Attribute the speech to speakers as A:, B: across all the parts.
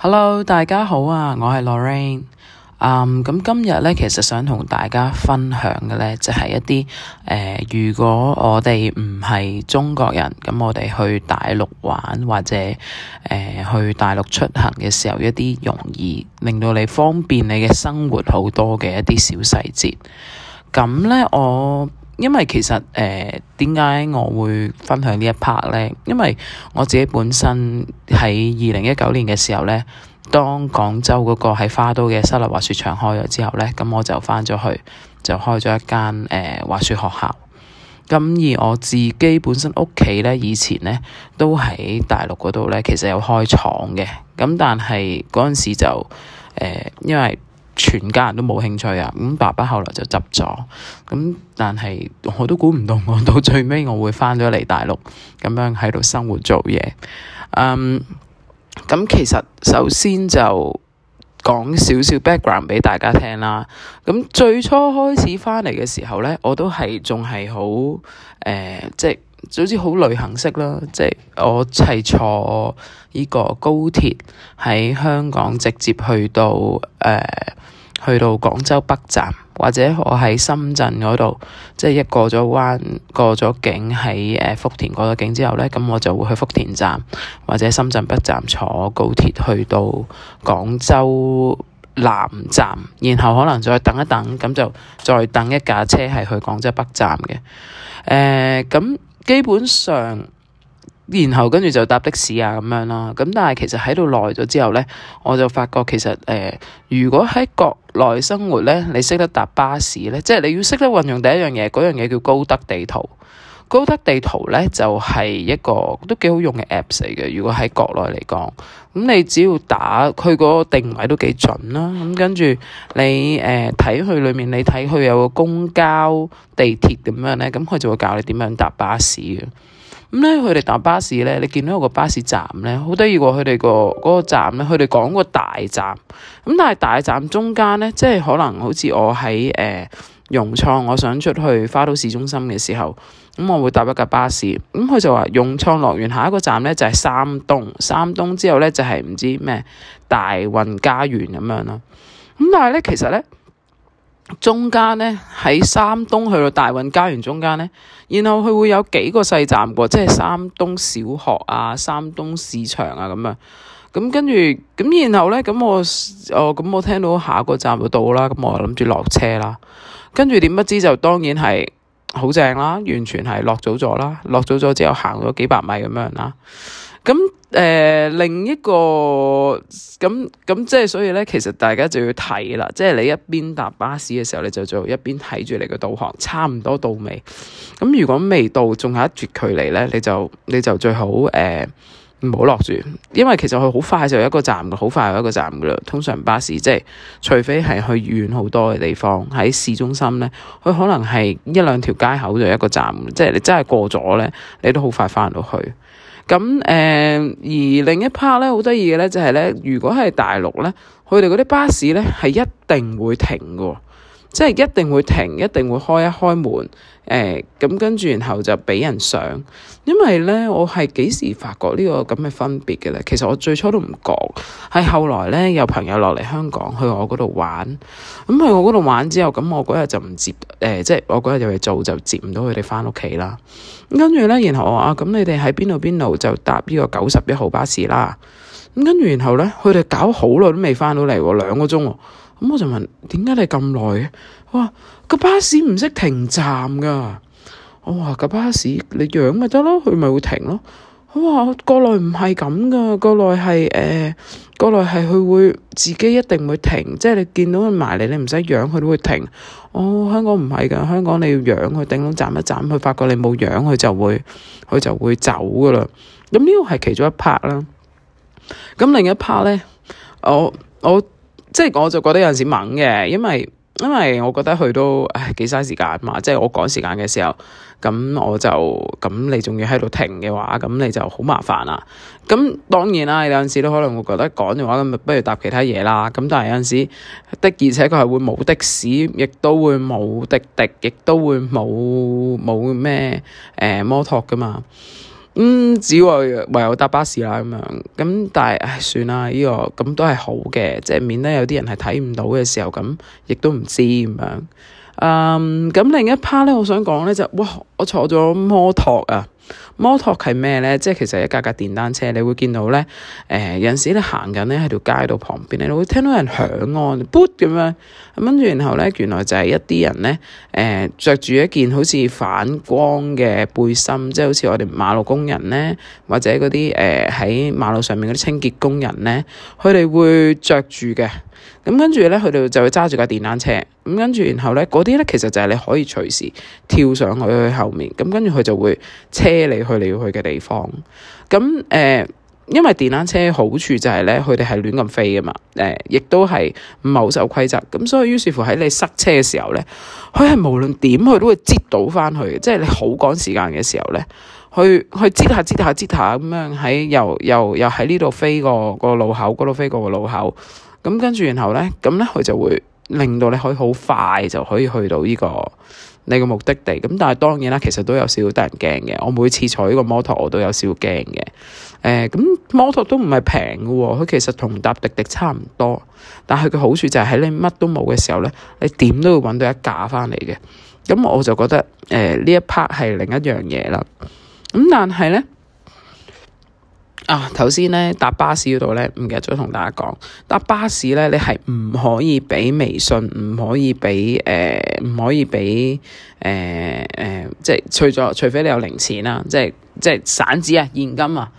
A: Hello，大家好啊，我係 Lorraine。咁、um, 今日呢，其實想同大家分享嘅呢，就係一啲誒，如果我哋唔係中國人，咁我哋去大陸玩或者誒、呃、去大陸出行嘅時候，一啲容易令到你方便你嘅生活好多嘅一啲小細節。咁呢，我。因為其實誒，點解我會分享呢一 part 咧？因為我自己本身喺二零一九年嘅時候咧，當廣州嗰個喺花都嘅室內滑雪場開咗之後咧，咁我就翻咗去，就開咗一間誒、呃、滑雪學校。咁而我自己本身屋企咧，以前咧都喺大陸嗰度咧，其實有開廠嘅。咁但係嗰陣時就誒、呃，因為。全家人都冇興趣啊，咁爸爸後來就執咗，咁但係我都估唔到我到最尾我會翻咗嚟大陸，咁樣喺度生活做嘢。嗯，咁其實首先就講少少 background 畀大家聽啦。咁最初開始翻嚟嘅時候咧，我都係仲係好誒，即係總之好旅行式啦，即係我係坐呢個高鐵喺香港直接去到誒。呃去到廣州北站，或者我喺深圳嗰度，即係一過咗關、過咗境喺誒福田過咗境之後咧，咁我就會去福田站或者深圳北站坐高鐵去到廣州南站，然後可能再等一等，咁就再等一架車，係去廣州北站嘅。誒、呃，咁基本上。然後跟住就搭的士啊，咁樣啦，咁但係其實喺度耐咗之後呢，我就發覺其實誒、呃，如果喺國內生活呢，你識得搭巴士呢，即係你要識得運用第一樣嘢，嗰樣嘢叫高德地圖。高德地圖呢，就係、是、一個都幾好用嘅 app 嚟嘅，如果喺國內嚟講，咁你只要打佢嗰個定位都幾準啦。咁跟住你誒睇佢裡面，你睇佢有個公交、地鐵咁樣呢，咁佢就會教你點樣搭巴士嘅。咁咧，佢哋搭巴士咧，你見到個巴士站咧，好得意喎。佢哋個嗰個站咧，佢哋講個大站咁，但係大站中間咧，即係可能好似我喺誒，融創我想出去花都市中心嘅時候，咁我會搭一架巴士咁，佢、嗯、就話融創樂園下一個站咧就係三東，三東之後咧就係唔知咩大運家園咁樣咯。咁但係咧，其實咧。中間呢，喺三東去到大運家園中間呢，然後佢會有幾個細站嘅，即係三東小學啊、三東市場啊咁樣，咁跟住咁然後呢，咁我哦咁我聽到下個站就到啦，咁我諗住落車啦，跟住點不知就當然係好正啦，完全係落早咗啦，落早咗之後行咗幾百米咁樣啦。咁誒、呃、另一個咁咁即係所以咧，其實大家就要睇啦，即係你一邊搭巴士嘅時候，你就做一邊睇住你個導航，差唔多到尾。咁如果未到，仲有一段距離咧，你就你就最好誒唔好落住，因為其實佢好快就一個站，好快就一個站㗎啦。通常巴士即係除非係去遠好多嘅地方，喺市中心咧，佢可能係一兩條街口就一個站。即係你真係過咗咧，你都好快返到去。咁誒、呃，而另一 part 咧，好得意嘅咧，就係咧，如果係大陸咧，佢哋嗰啲巴士咧，係一定會停嘅，即係一定會停，一定會開一開門。誒咁、嗯、跟住，然後就畀人上，因為咧，我係幾時發覺、這個這個、呢個咁嘅分別嘅咧？其實我最初都唔覺，係後來咧有朋友落嚟香港去我嗰度玩，咁、嗯、去我嗰度玩之後，咁、嗯、我嗰日就唔接誒、嗯，即係我嗰日有嘢做就接唔到佢哋翻屋企啦。跟住咧，然後我話：咁、啊嗯、你哋喺邊度邊度就搭呢個九十一號巴士啦。咁、嗯、跟住然後咧，佢哋搞好耐都未翻到嚟喎，兩個鐘喎。咁、嗯、我就問：點解你咁耐嘅？話。個巴士唔識停站噶我話，個巴士你養咪得咯，佢咪會停咯。我話，國內唔係咁噶國內係誒，國內係佢會自己一定會停，即係你見到佢埋嚟，你唔使養佢都會停。哦，香港唔係噶香港你要養佢，頂籠，站一站，佢發覺你冇養佢就會佢就會走噶啦。咁呢個係其中一 part 啦。咁另一 part 咧，我我即係我就覺得有陣時猛嘅，因為。因為我覺得去都唉幾嘥時間嘛，即係我趕時間嘅時候，咁我就，咁你仲要喺度停嘅話，咁你就好麻煩啦。咁當然啦，有陣時都可能會覺得趕嘅話，咁咪不如搭其他嘢啦。咁但係有陣時的而且確係會冇的士，亦都會冇滴滴，亦都會冇冇咩誒摩托㗎嘛。嗯，只係唯有搭巴士啦咁樣，咁但係唉算啦，呢、呢個咁都係好嘅，即係免得有啲人係睇唔到嘅時候，咁亦都唔知咁樣。嗯，咁、um, 另一 part 咧，我想講咧就是，哇，我坐咗摩托啊！摩托係咩呢？即係其實一架架電單車，你會見到、呃、呢。誒，有陣時你行緊呢，喺條街度旁邊你會聽到人響按，卟咁樣，咁然後呢，原來就係一啲人呢，誒、呃，着住一件好似反光嘅背心，即係好似我哋馬路工人呢，或者嗰啲誒喺馬路上面嗰啲清潔工人呢，佢哋會着住嘅。咁跟住咧，佢哋就會揸住架電單車。咁跟住，然後咧嗰啲咧，其實就係你可以隨時跳上去佢後面。咁跟住佢就會車你去你要去嘅地方。咁誒、呃，因為電單車好處就係咧，佢哋係亂咁飛㗎嘛。誒、呃，亦都係唔係好守規則咁，所以於是乎喺你塞車嘅時候咧，佢係無論點佢都會擠到返去。即、就、係、是、你好趕時間嘅時候咧，去去擠下擠下擠下咁樣，喺又又又喺呢度飛過、個路口，嗰度飛過個路口。咁跟住，然後呢，咁呢，佢就會令到你可以好快就可以去到呢個你個目的地。咁但係當然啦，其實都有少少得人驚嘅。我每次坐呢個摩托，我都有少少驚嘅。誒、呃，咁摩托都唔係平嘅喎，佢其實同搭滴，滴滴差唔多。但係佢好處就係喺你乜都冇嘅時候呢，你點都會揾到一架翻嚟嘅。咁我就覺得誒呢、呃、一 part 係另一樣嘢啦。咁但係呢。啊，頭先呢搭巴士嗰度呢，唔記得咗同大家講，搭巴士呢，你係唔可以畀微信，唔可以畀，誒、呃，唔可以畀，誒、呃、誒、呃，即係除咗除非你有零錢啦，即係即係散紙啊，現金啊。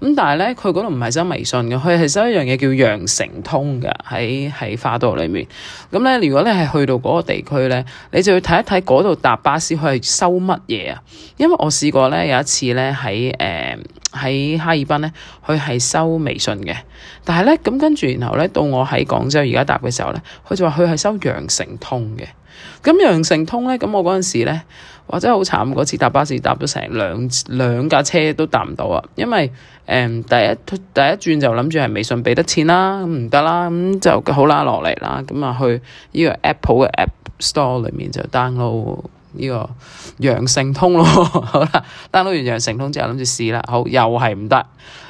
A: 咁但係咧，佢嗰度唔係收微信嘅，佢係收一樣嘢叫羊城通嘅，喺喺花都裏面。咁、嗯、咧，如果你係去到嗰個地區咧，你就要睇一睇嗰度搭巴士佢係收乜嘢啊？因為我試過咧有一次咧喺誒喺哈爾濱咧，佢係收微信嘅，但係咧咁跟住然後咧到我喺廣州而家搭嘅時候咧，佢就話佢係收羊城通嘅。咁羊城通咧，咁我嗰陣時咧，哇真係好慘，嗰次搭巴士搭咗成兩兩架車都搭唔到啊，因為誒、呃、第一第一轉就諗住係微信畀得錢啦，咁唔得啦，咁就好啦落嚟啦，咁啊去呢個 Apple 嘅 App Store 裏面就 download。呢、這個羊城通咯， 好啦，download 完羊城通之後諗住試啦，好又係唔得，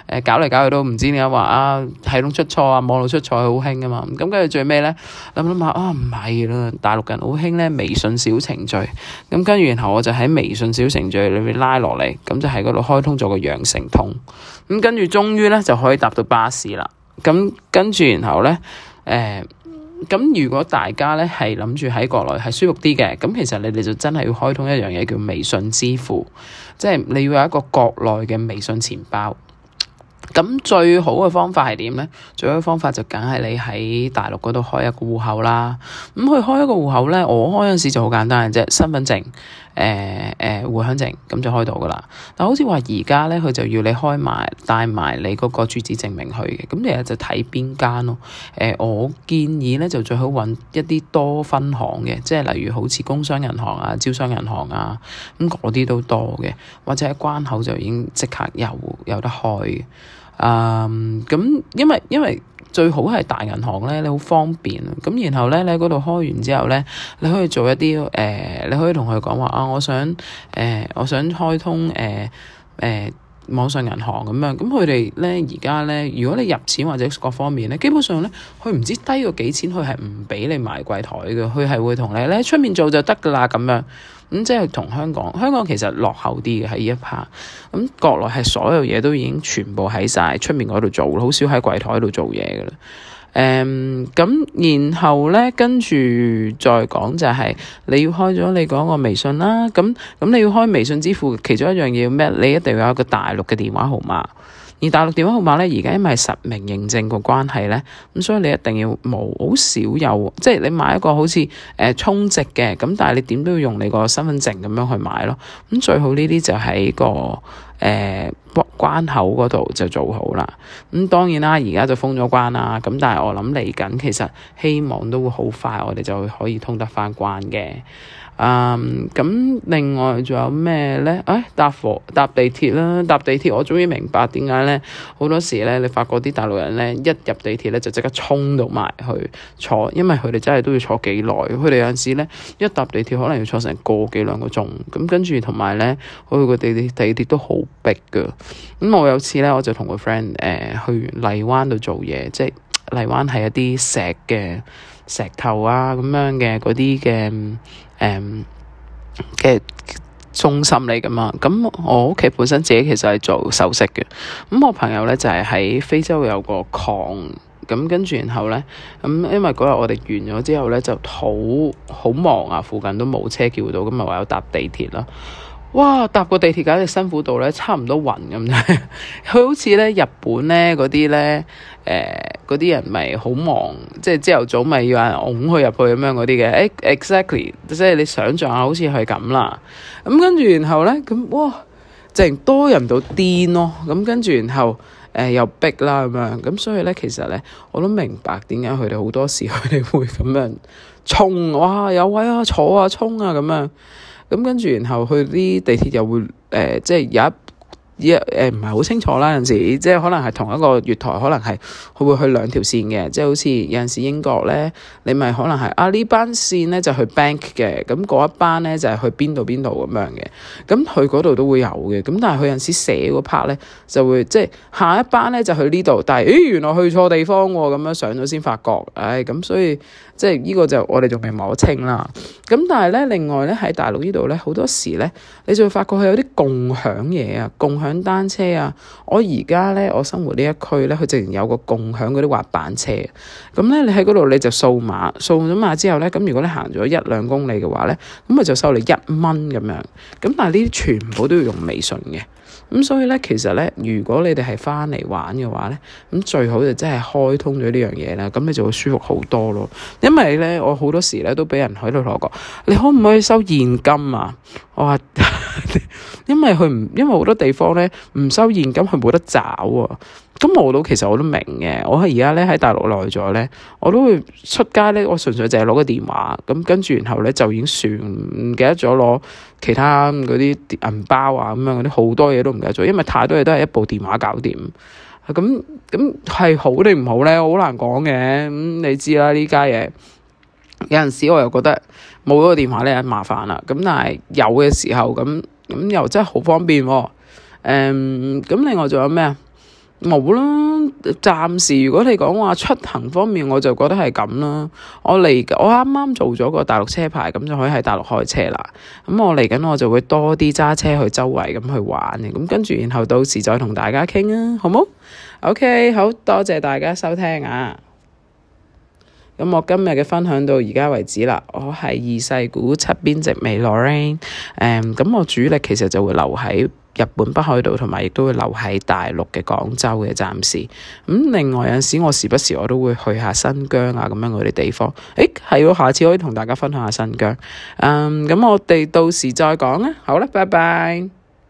A: 誒搞嚟搞去都唔知點解，話啊系統出錯啊，網絡出錯好興啊嘛，咁跟住最尾咧諗諗下啊唔係啦，大陸人好興咧微信小程序，咁跟住然後我就喺微信小程序裏面拉落嚟，咁就喺嗰度開通咗個羊城通，咁跟住終於咧就可以搭到巴士啦，咁跟住然後咧誒。呃咁如果大家咧係諗住喺國內係舒服啲嘅，咁其實你哋就真係要開通一樣嘢叫微信支付，即係你要有一個國內嘅微信錢包。咁最好嘅方法係點咧？最好嘅方法就梗係你喺大陸嗰度開一個戶口啦。咁去開一個戶口咧，我開嗰陣時就好簡單嘅啫，身份證。誒誒，回鄉證，咁就開到噶啦，但好似話而家咧，佢就要你開埋帶埋你嗰個住址證明去嘅，咁你就睇邊間咯。誒、呃，我建議咧就最好搵一啲多分行嘅，即係例如好似工商銀行啊、招商銀行啊，咁嗰啲都多嘅，或者關口就已經即刻有有得開嘅。嗯，咁因為因為。因為最好係大銀行咧，你好方便。咁然後咧，你喺嗰度開完之後咧，你可以做一啲誒、呃，你可以同佢講話啊，我想誒、呃，我想開通誒誒，呃呃網上銀行咁樣，咁佢哋呢而家呢，如果你入錢或者各方面呢，基本上呢，佢唔知低過幾千，佢係唔畀你埋櫃台嘅，佢係會同你呢出面做就得㗎啦咁樣，咁即係同香港，香港其實落後啲嘅喺呢一 part，咁國內係所有嘢都已經全部喺晒出面嗰度做，好少喺櫃台度做嘢㗎啦。誒咁、um，然後咧，跟住再講就係、是、你要開咗你講個微信啦，咁咁你要開微信支付，其中一樣嘢咩？你一定要有個大陸嘅電話號碼。而大陸電話號碼呢，而家因為實名認證個關係呢，咁所以你一定要冇好少有，即係你買一個好似誒、呃、充值嘅咁，但係你點都要用你個身份證咁樣去買咯。咁、嗯、最好呢啲就喺個誒、呃、關口嗰度就做好啦。咁、嗯、當然啦，而家就封咗關啦。咁但係我諗嚟緊其實希望都會好快，我哋就可以通得翻關嘅。啊，咁、um, 另外仲有咩呢？誒、啊，搭火搭地鐵啦，搭地鐵我終於明白點解呢。好多時呢，你發覺啲大陸人呢，一入地、地鐵呢，就即刻衝到埋去坐，因為佢哋真係都要坐幾耐，佢哋有陣時呢，一搭地鐵可能要坐成個幾兩個鐘，咁跟住同埋呢，佢個地鐵地鐵都好逼㗎，咁我有次呢，我就同個 friend 誒、呃、去荔灣度做嘢，即係荔灣係一啲石嘅。石頭啊咁樣嘅嗰啲嘅，誒嘅、嗯、中心嚟噶嘛？咁我屋企本身自己其實係做首飾嘅，咁我朋友咧就係、是、喺非洲有個礦，咁跟住然後咧，咁因為嗰日我哋完咗之後咧就好好忙啊，附近都冇車叫到，咁咪唯有搭地鐵啦。哇！搭個地鐵架，你辛苦到咧，差唔多暈咁滯。佢 好似咧日本咧嗰啲咧，誒嗰啲人咪好忙，即係朝頭早咪要有人拱佢入去咁樣嗰啲嘅。誒，exactly，即係你想象下，好似係咁啦。咁、嗯、跟住然後咧，咁哇，成多人到癲咯。咁、嗯、跟住然後誒、呃、又逼啦咁樣。咁、嗯、所以咧，其實咧我都明白點解佢哋好多時佢哋會咁樣衝哇！有位啊，坐啊，衝啊咁樣。咁跟住，然後去啲地鐵又會誒、呃，即係有一。咦誒唔係好清楚啦，有陣時即係可能係同一個月台，可能係佢會去兩條線嘅，即係好似有陣時英國咧，你咪可能係啊呢班線咧就去 bank 嘅，咁嗰一班咧就係去邊度邊度咁樣嘅，咁去嗰度都會有嘅，咁但係佢有陣時寫嗰 part 咧就會即係下一班咧就去呢度，但係誒原來去錯地方喎、啊，咁樣上咗先發覺誒咁、哎，所以即係呢個就我哋仲未摸清啦，咁但係咧另外咧喺大陸呢度咧好多時咧，你就會發覺佢有啲共享嘢啊，共享。共享單車啊！我而家咧，我生活呢一區咧，佢竟然有個共享嗰啲滑板車。咁咧，你喺嗰度你就掃碼，掃咗碼之後咧，咁如果你行咗一兩公里嘅話咧，咁咪就收你一蚊咁樣。咁但係呢啲全部都要用微信嘅。咁所以咧，其實咧，如果你哋係翻嚟玩嘅話咧，咁最好就真係開通咗呢樣嘢啦。咁你就會舒服好多咯。因為咧，我好多時咧都俾人喺度落過，你可唔可以收現金啊？我話 因為佢唔，因為好多地方。唔收現金，係冇得找啊。咁我都其實我都明嘅。我係而家咧喺大陸耐咗咧，我都會出街咧。我純粹就係攞個電話咁，跟住然後咧就已經算唔記得咗攞其他嗰啲銀包啊，咁樣嗰啲好多嘢都唔記得咗，因為太多嘢都係一部電話搞掂咁。咁係好定唔好咧，好難講嘅。咁你知啦，呢家嘢有陣時我又覺得冇咗個電話咧麻煩啦。咁但係有嘅時候咁咁又真係好方便啊。嗯，咁另外仲有咩啊？冇啦，暫時如果你講話出行方面，我就覺得係咁啦。我嚟，我啱啱做咗個大陸車牌，咁就可以喺大陸開車啦。咁我嚟緊，我就會多啲揸車去周圍咁去玩嘅。咁跟住，然後到時再同大家傾啊，好冇？OK，好多謝大家收聽啊！咁我今日嘅分享到而家為止啦，我係二世古七邊直尾羅 ring 咁我主力其實就會留喺日本北海道，同埋亦都會留喺大陸嘅廣州嘅暫時。咁、嗯、另外有陣時我時不時我都會去下新疆啊，咁樣嗰啲地方，誒，係，我下次可以同大家分享下新疆。嗯，咁我哋到時再講啦，好啦，拜拜。